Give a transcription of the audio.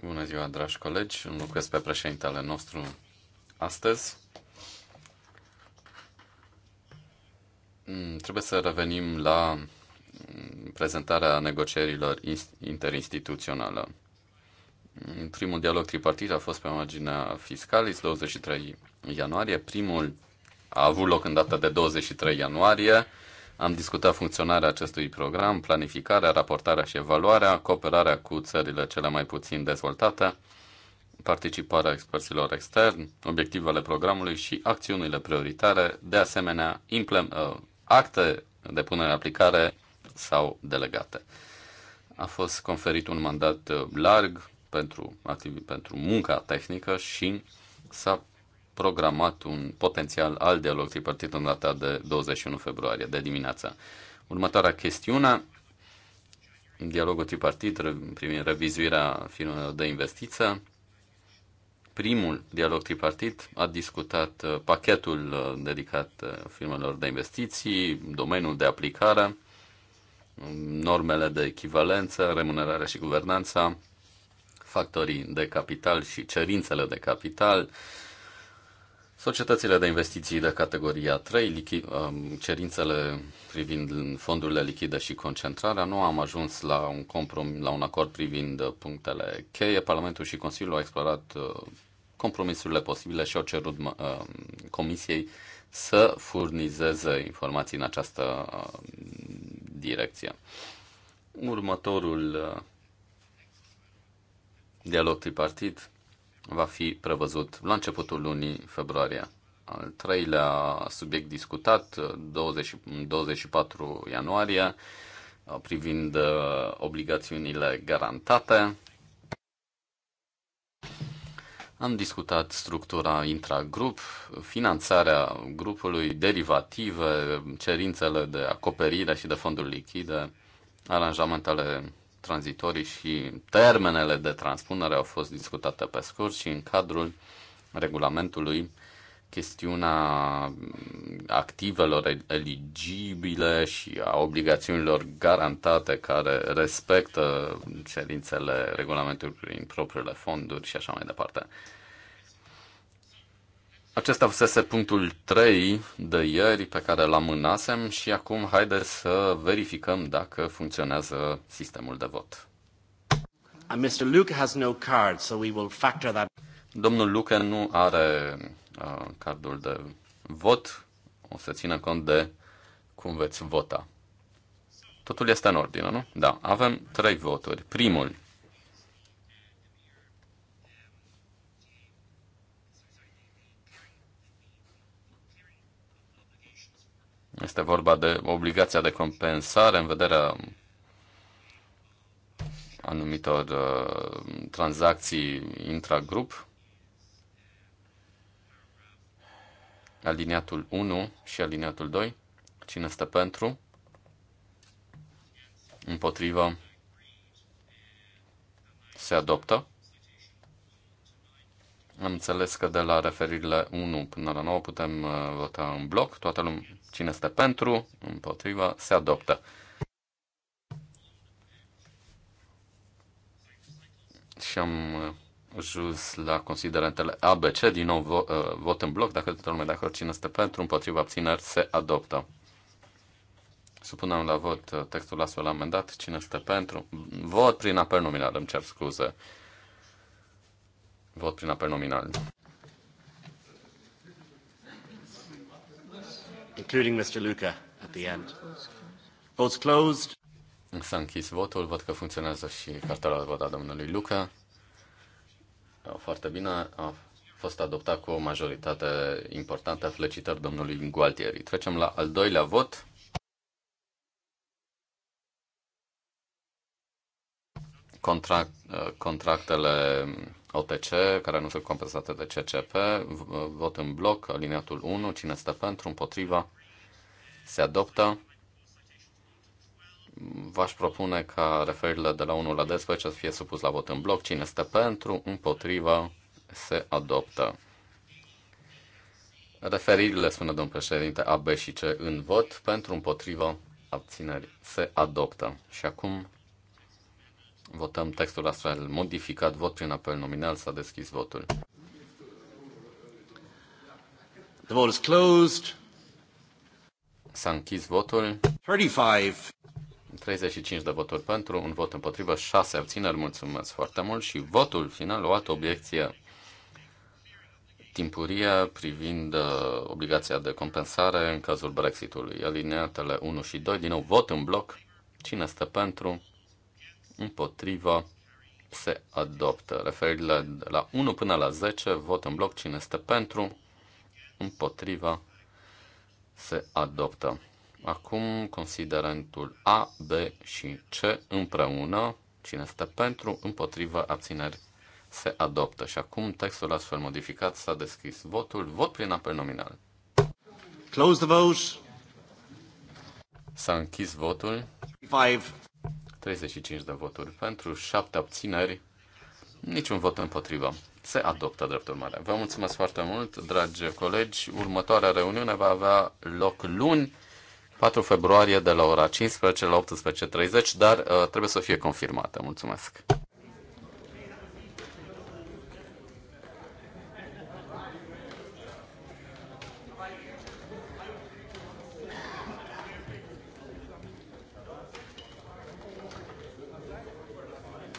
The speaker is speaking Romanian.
Bună ziua, dragi colegi. lucrez pe președintele nostru astăzi. Mm, trebuie să revenim la mm, prezentarea negocierilor interinstituționale. Mm, primul dialog tripartit a fost pe marginea fiscalis, 23 ianuarie. Primul a avut loc în data de 23 ianuarie am discutat funcționarea acestui program, planificarea, raportarea și evaluarea, cooperarea cu țările cele mai puțin dezvoltate, participarea experților externi, obiectivele programului și acțiunile prioritare, de asemenea ă, acte de punere în aplicare sau delegate. A fost conferit un mandat ă, larg pentru, pentru munca tehnică și s-a programat un potențial al dialog tripartit în data de 21 februarie, de dimineața. Următoarea chestiune, dialogul tripartit privind revizuirea firmelor de investiță. Primul dialog tripartit a discutat uh, pachetul uh, dedicat uh, firmelor de investiții, domeniul de aplicare, normele de echivalență, remunerarea și guvernanța, factorii de capital și cerințele de capital, Societățile de investiții de categoria 3, um, cerințele privind fondurile lichide și concentrarea, nu am ajuns la un, comprom- la un acord privind uh, punctele cheie. Parlamentul și Consiliul au explorat uh, compromisurile posibile și au cerut um, Comisiei să furnizeze informații în această um, direcție. Următorul uh, dialog tripartit va fi prevăzut la începutul lunii februarie. Al treilea subiect discutat, 20, 24 ianuarie, privind uh, obligațiunile garantate. Am discutat structura intragrup, finanțarea grupului, derivative, cerințele de acoperire și de fonduri lichide, aranjamentele tranzitorii și termenele de transpunere au fost discutate pe scurt și în cadrul regulamentului chestiunea activelor eligibile și a obligațiunilor garantate care respectă cerințele regulamentului prin propriile fonduri și așa mai departe. Acesta fusese punctul 3 de ieri pe care l am amânasem și acum haideți să verificăm dacă funcționează sistemul de vot. And uh, Mr. Luke has no card, so we will factor that. Domnul Luca nu are uh, cardul de vot. O să țină cont de cum veți vota. Totul este în ordine, nu? Da, avem trei voturi. Primul Este vorba de obligația de compensare în vederea anumitor uh, tranzacții intragrup. Aliniatul 1 și aliniatul 2. Cine este pentru? Împotriva? Se adoptă. Am înțeles că de la referirile 1 până la 9 putem uh, vota în bloc. Toată lumea, cine este pentru, împotriva, se adoptă. Și am uh, ajuns la considerentele ABC, din nou vo, uh, vot în bloc, dacă toată lumea de acord, cine este pentru, împotriva, abțineri, se adoptă. Supunem la vot uh, textul astfel amendat, cine este pentru, vot prin apel nominal, îmi cer scuze. Uh, Vot prin apel nominal. Including Mr. Luca at the end. Votes closed. S-a închis votul, văd că funcționează și cartela de vot a domnului Luca. Foarte bine, a fost adoptat cu o majoritate importantă. Felicitări domnului Gualtieri. Trecem la al doilea vot. contract, uh, contractele OTC, care nu sunt compensate de CCP, vot în bloc, alineatul 1, cine stă pentru, împotriva, se adoptă. V-aș propune ca referirile de la 1 la 10 să fie supus la vot în bloc. Cine stă pentru, împotriva, se adoptă. Referirile, spune domnul președinte, A, B și C în vot, pentru, împotriva, abțineri, se adoptă. Și acum Votăm textul astfel modificat. Vot prin apel nominal. S-a deschis votul. The vote is closed. S-a închis votul. 35. 35 de voturi pentru, un vot împotrivă, 6 abțineri. Mulțumesc foarte mult și votul final, o altă obiecție timpurie privind uh, obligația de compensare în cazul Brexitului. Alineatele 1 și 2, din nou vot în bloc. Cine stă pentru? împotrivă se adoptă. Referirile de la 1 până la 10, vot în bloc, cine este pentru, împotrivă se adoptă. Acum considerentul A, B și C împreună, cine este pentru, împotrivă, abțineri, se adoptă. Și acum textul astfel modificat s-a deschis votul, vot prin apel nominal. Close the vote. S-a închis votul. Five. 35 de voturi pentru, 7 abțineri, niciun vot împotrivă. Se adoptă drept urmare. Vă mulțumesc foarte mult, dragi colegi. Următoarea reuniune va avea loc luni, 4 februarie, de la ora 15 la 18.30, dar uh, trebuie să fie confirmată. Mulțumesc!